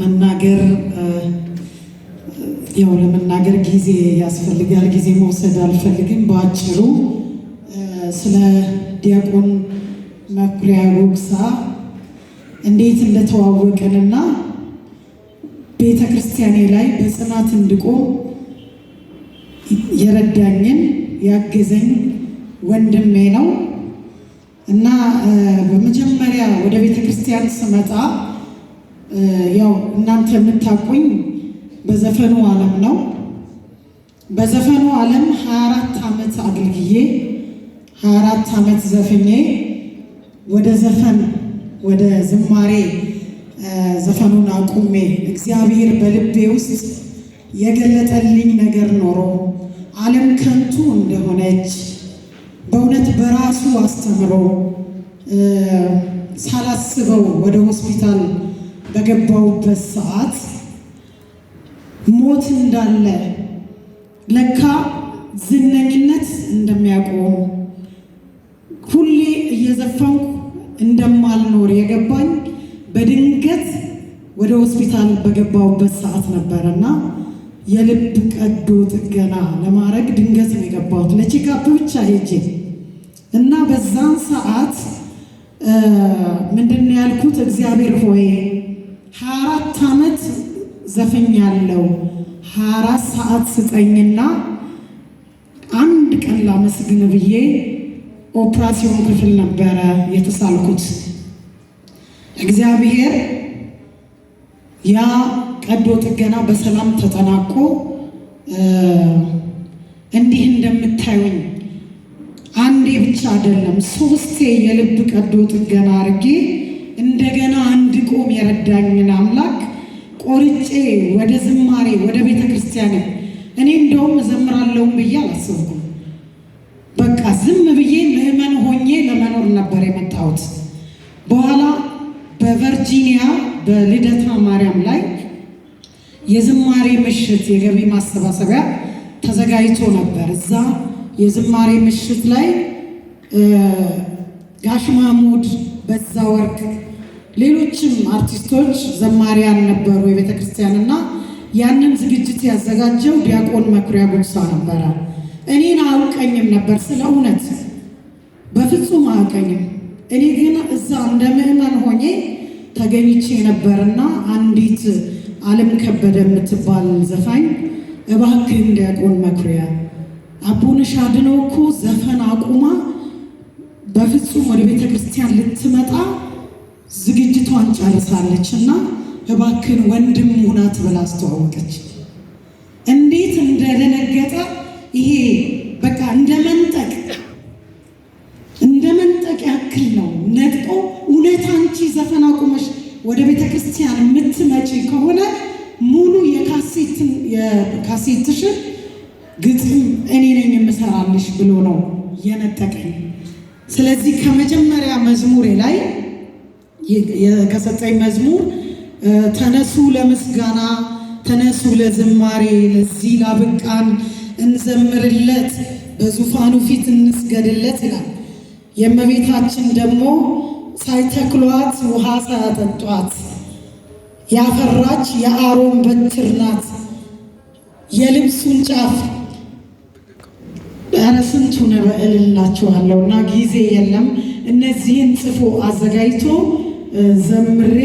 መናገር ያው ለመናገር ጊዜ ያስፈልጋል። ጊዜ መውሰድ አልፈልግም። በአጭሩ ስለ ዲያቆን መኩሪያ ጉግሳ እንዴት እንደተዋወቅንና ቤተ ክርስቲያኔ ላይ በጽናት እንድቆም የረዳኝን ያገዘኝ ወንድሜ ነው እና በመጀመሪያ ወደ ቤተ ክርስቲያን ስመጣ ያው እናንተ የምታውቁኝ በዘፈኑ ዓለም ነው። በዘፈኑ ዓለም 24 ዓመት አገልግዬ 24 ዓመት ዘፍኜ ወደ ዘፈን ወደ ዝማሬ ዘፈኑን አቁሜ እግዚአብሔር በልቤ ውስጥ የገለጠልኝ ነገር ኖሮ ዓለም ከንቱ እንደሆነች በእውነት በራሱ አስተምሮ ሳላስበው ወደ ሆስፒታል በገባውበት ሰዓት ሞት እንዳለ ለካ ዝነኝነት እንደሚያቆም ሁሌ እየዘፈንኩ እንደማልኖር የገባኝ በድንገት ወደ ሆስፒታል በገባውበት ሰዓት ነበረ እና የልብ ቀዶ ጥገና ለማድረግ ድንገት ነው የገባሁት። ለቼካፕ ብቻ ሄጄ እና በዛን ሰዓት ምንድን ነው ያልኩት? እግዚአብሔር ሆይ ሀያ አራት ዓመት ዘፈኝ ያለው ሀያ አራት ሰዓት ስጠኝና አንድ ቀን ላመስግን ብዬ ኦፕራሲዮን ክፍል ነበረ የተሳልኩት። እግዚአብሔር ያ ቀዶ ጥገና በሰላም ተጠናቆ እንዲህ እንደምታዩኝ አንዴ ብቻ አይደለም ሶስቴ የልብ ቀዶ ጥገና አድርጌ እንደገና እንድቆም የረዳኝን አምላክ ቆርጬ ወደ ዝማሬ ወደ ቤተ ክርስቲያን እኔ እንደውም እዘምራለሁም ብዬ አላሰብኩም። በቃ ዝም ብዬ ምዕመን ሆኜ ለመኖር ነበር የመጣሁት። በኋላ በቨርጂኒያ በልደታ ማርያም ላይ የዝማሬ ምሽት የገቢ ማሰባሰቢያ ተዘጋጅቶ ነበር። እዛ የዝማሬ ምሽት ላይ ጋሽ ማሙድ በዛ ወርቅ ሌሎችም አርቲስቶች ዘማሪያን ነበሩ የቤተ ክርስቲያን እና ያንን ዝግጅት ያዘጋጀው ዲያቆን መኩሪያ ጉልሳ ነበረ። እኔን አያውቀኝም ነበር፣ ስለ እውነት በፍጹም አያውቀኝም። እኔ ግን እዛ እንደ ምዕመን ሆኜ ተገኝቼ ነበርና አንዲት አለም ከበደ የምትባል ዘፋኝ እባክህን ዲያቆን መኩሪያ አቦነሽ አድነው እኮ ዘፈን አቁማ በፍጹም ወደ ቤተ ክርስቲያን ልትመጣ ዝግጅቷን ጨርሳለች እና እባክን ወንድም ሁናት ብላ አስተዋወቀች። እንዴት እንደደነገጠ ይሄ በቃ እንደ መንጠቅ እንደ መንጠቅ ያክል ነው ነጥቆ። እውነት አንቺ ዘፈን አቁመሽ ወደ ቤተ ክርስቲያን የምትመጪ ከሆነ ሙሉ የካሴትሽን ግጥም እኔ ነኝ የምሰራልሽ ብሎ ነው የነጠቀኝ። ስለዚህ ከመጀመሪያ መዝሙሬ ላይ ከሰጠኝ መዝሙር ተነሱ ለምስጋና ተነሱ ለዝማሬ ለዚህ ላብቃን እንዘምርለት በዙፋኑ ፊት እንስገድለት ይላል። የእመቤታችን ደግሞ ሳይተክሏት ውሃ ሳያጠጧት ያፈራች የአሮን በትር ናት። የልብሱን ጫፍ ኧረ ስንቱን እልላችኋለሁ እና ጊዜ የለም። እነዚህን ጽፎ አዘጋጅቶ ዘምሬ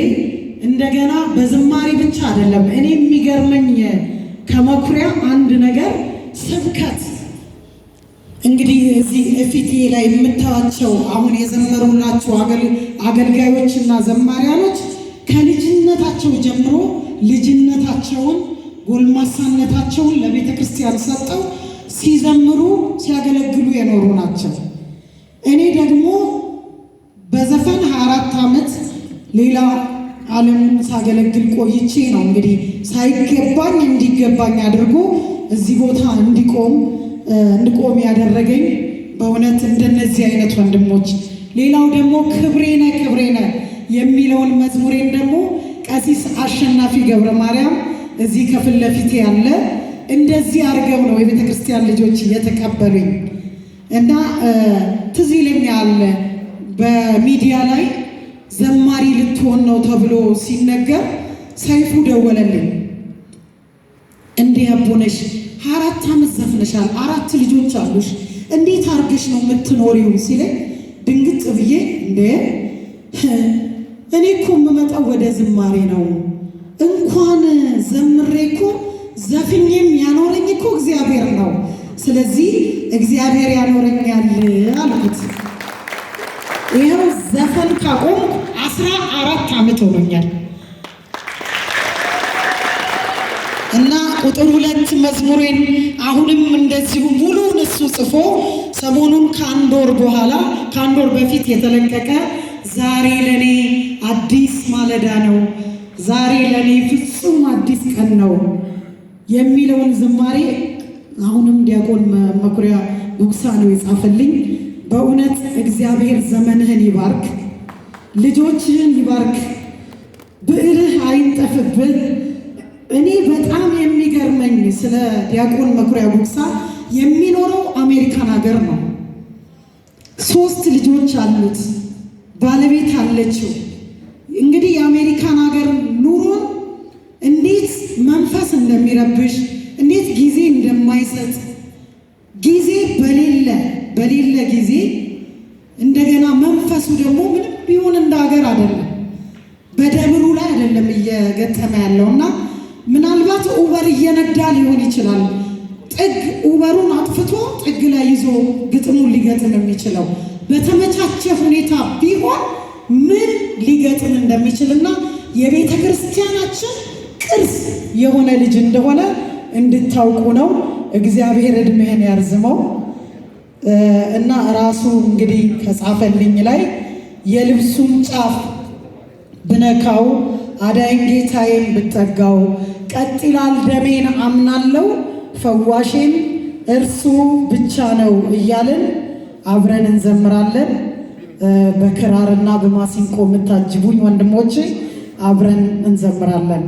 እንደገና በዝማሬ ብቻ አይደለም። እኔ የሚገርመኝ ከመኩሪያ አንድ ነገር ስብከት እንግዲህ እዚህ እፊቴ ላይ የምታዋቸው አሁን የዘመሩላቸው አገልጋዮችና ዘማሪያኖች ከልጅነታቸው ጀምሮ ልጅነታቸውን፣ ጎልማሳነታቸውን ለቤተ ክርስቲያን ሰጠው ሲዘምሩ ሲያገለግሉ የኖሩ ናቸው። በሌላ ዓለም ሳገለግል ቆይቼ ነው እንግዲህ ሳይገባኝ እንዲገባኝ አድርጎ እዚህ ቦታ እንዲቆም እንድቆም ያደረገኝ በእውነት እንደነዚህ አይነት ወንድሞች። ሌላው ደግሞ ክብሬነ ክብሬነ የሚለውን መዝሙሬን ደግሞ ቀሲስ አሸናፊ ገብረ ማርያም እዚህ ከፊት ለፊቴ ያለ እንደዚህ አድርገው ነው የቤተ ክርስቲያን ልጆች እየተቀበሉኝ እና ትዝ ይለኛል በሚዲያ ላይ ዘማሪ ልትሆን ነው ተብሎ ሲነገር ሰይፉ ደወለልኝ። እንዴ አቦነሽ አራት አመት ዘፍነሻል፣ አራት ልጆች አሉሽ፣ እንዴት አርገሽ ነው የምትኖሪው ሲለኝ ድንግጥ ብዬ እንደ እኔ እኮ የምመጣው ወደ ዝማሬ ነው። እንኳን ዘምሬ እኮ ዘፍኜም ያኖረኝ እኮ እግዚአብሔር ነው። ስለዚህ እግዚአብሔር ያኖረኛል አልኩት። ይኸው ዘፈን ካቆም አስራ አራት ዓመት ሆኖኛል እና ቁጥር ሁለት መዝሙሬን አሁንም እንደዚሁ ሙሉ እሱ ጽፎ ሰሞኑን ከአንድ ወር በኋላ ከአንድ ወር በፊት የተለቀቀ ዛሬ ለእኔ አዲስ ማለዳ ነው፣ ዛሬ ለእኔ ፍጹም አዲስ ቀን ነው የሚለውን ዝማሬ አሁንም ዲያቆን መኩሪያ ንጉሳ ነው የጻፈልኝ። በእውነት እግዚአብሔር ዘመንህን ይባርክ፣ ልጆችህን ይባርክ፣ ብዕርህ አይንጠፍብህ። እኔ በጣም የሚገርመኝ ስለ ዲያቆን መኩሪያ ጉግሳ የሚኖረው አሜሪካን ሀገር ነው። ሶስት ልጆች አሉት፣ ባለቤት አለችው። እንግዲህ የአሜሪካን ሀገር ኑሮን እንዴት መንፈስ እንደሚረብሽ እንዴት ጊዜ እንደማይሰጥ ጊዜ በሌለ በሌለ ጊዜ እንደገና መንፈሱ ደግሞ ምንም ቢሆን እንደ ሀገር አይደለም በደብሩ ላይ አይደለም እየገጠመ ያለው እና ምናልባት ኡበር እየነዳ ሊሆን ይችላል። ጥግ ኡበሩን አጥፍቶ ጥግ ላይ ይዞ ግጥሙን ሊገጥም የሚችለው በተመቻቸ ሁኔታ ቢሆን ምን ሊገጥም እንደሚችልና የቤተ ክርስቲያናችን ቅርስ የሆነ ልጅ እንደሆነ እንድታውቁ ነው። እግዚአብሔር እድሜህን ያርዝመው። እና ራሱ እንግዲህ ከጻፈልኝ ላይ የልብሱን ጫፍ ብነካው አዳኝ ጌታዬን ብጠጋው ቀጥ ይላል ደሜን አምናለው ፈዋሽን እርሱ ብቻ ነው እያልን አብረን እንዘምራለን። በክራርና በማሲንቆ የምታጅቡኝ ወንድሞች አብረን እንዘምራለን።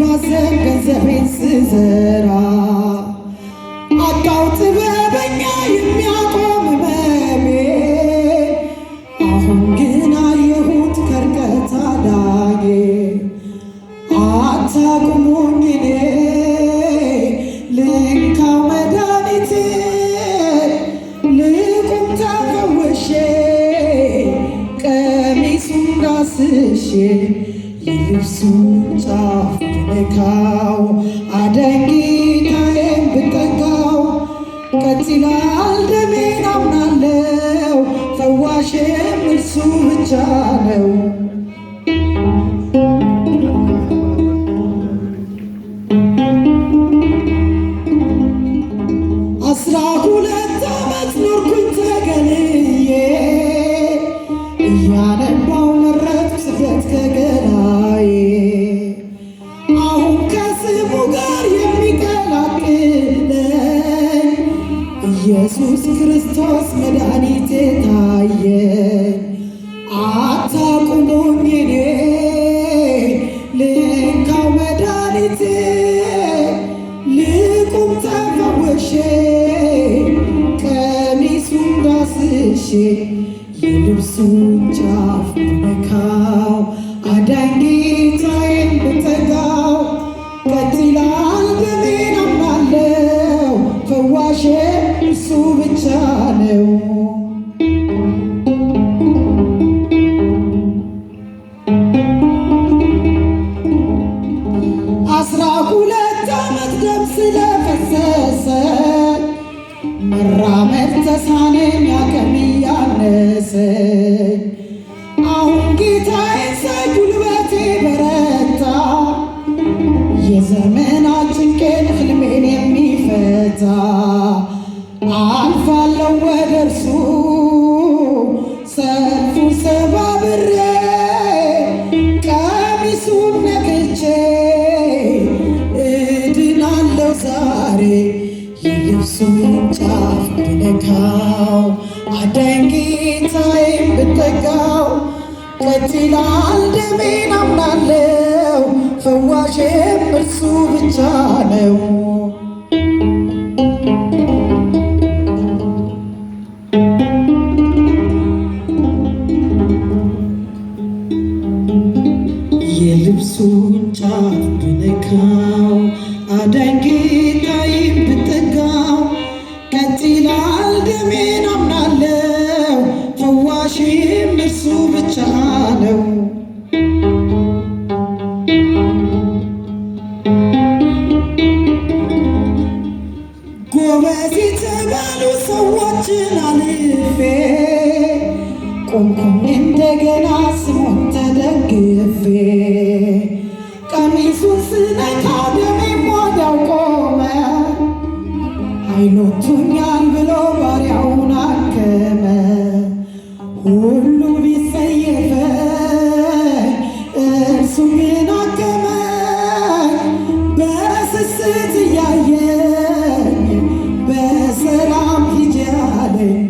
ማሰብ ገንዘቤን ስዘራ አጣው ጥበበኛ የሚያቆም መሜ አሁን ግን አየሁት ከርቀት አዳኜ አታቁሙኝ እኔ ልንካው መድኃኒቴ ልቁም ተፈውሼ ቀሚሱን ዳስሼ ብነካው አደንጊታዬን ብጠጋው ቀጥላል ደሜን አምናለው ፈዋሽም እርሱ ብቻ ነው። መድኃኒቴ ታየ አታቁሙኝ እኔ ልካው መድኃኒቴ ልቁም ተፈወሼ ቀሚሱን ዳስሼ የልብሱን ጫፍ ብነካው አዳኝ ጌታዬን ብጠጋው ቀጥ ደሜን አምናለው ፈዋሼ እሱ ብቻ ነው። ጌታ አልፋለው ወደ እርሱ ሰልፉ ሰባብሬ ቀሚሱን ነክቼ እድናለው ዛሬ የልብሱን ጫፍ ብነካው አዳኝ ጌታዬን ብጠጋው ቀጥ ደሜን አምናለው ፈዋሼም እርሱ ብቻ ነው። አይሎቱኛል ብሎ ባሪያውን አከመ ሁሉ ቢጸየፈ እርሱ ግን አከመ በስስት እያየ በሰላም ሂጂ አለኝ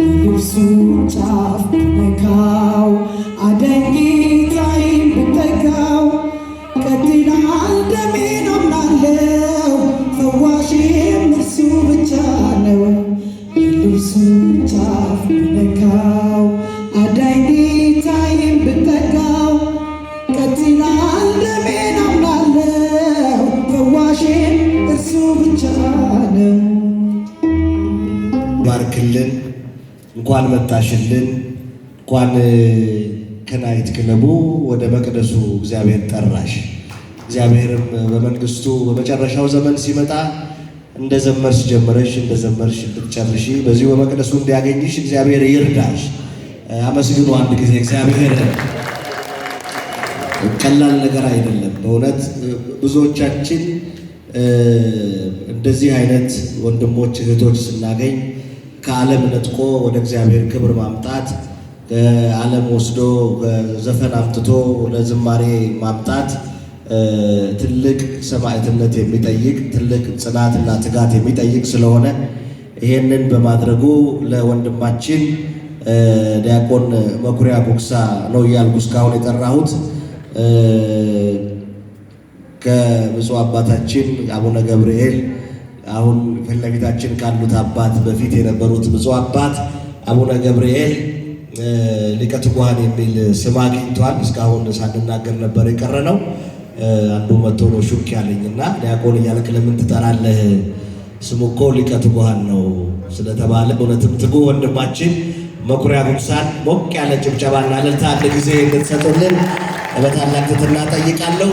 ልብሱ ጫፍ ነካው አደንጊታይን ብጠጋው ቀድናል ደሜ የኢየሱስን ጫፍ ብቻ ነው። ባርክልን። እንኳን መታሽልን። እንኳን ከናይት ክለቡ ወደ መቅደሱ እግዚአብሔር ጠራሽ። እግዚአብሔርም በመንግስቱ በመጨረሻው ዘመን ሲመጣ እንደ ዘመርሽ ጀመረሽ እንደ ዘመርሽ ብትጨርሺ በዚሁ በመቅደሱ እንዲያገኝሽ እግዚአብሔር ይርዳሽ። አመስግኑ አንድ ጊዜ እግዚአብሔር። ቀላል ነገር አይደለም በእውነት ብዙዎቻችን እንደዚህ አይነት ወንድሞች እህቶች ስናገኝ ከዓለም ነጥቆ ወደ እግዚአብሔር ክብር ማምጣት ከዓለም ወስዶ ዘፈን አምጥቶ ወደ ዝማሬ ማምጣት ትልቅ ሰማዕትነት የሚጠይቅ ትልቅ ጽናትና ትጋት የሚጠይቅ ስለሆነ ይሄንን በማድረጉ ለወንድማችን ዲያቆን መኩሪያ ቦክሳ ነው እያልኩ እስካሁን የጠራሁት ከብፁዕ አባታችን አቡነ ገብርኤል አሁን ፊት ለፊታችን ካሉት አባት በፊት የነበሩት ብፁዕ አባት አቡነ ገብርኤል ሊቀ ትጉሃን የሚል ስም አግኝቷል። እስካሁን ሳንናገር ነበር የቀረ ነው። አንዱ መቶ ነው ሹክ ያለኝ እና ዲያቆን እያልክ ለምን ትጠራለህ? ስሙ እኮ ሊቀ ትጉሃን ነው ስለተባለ እውነትም ትጉህ ወንድማችን መኩሪያ ጉምሳን ሞቅ ያለ ጭብጨባና ለልታ አንድ ጊዜ እንድትሰጡልን በታላቅ ትህትና ጠይቃለሁ።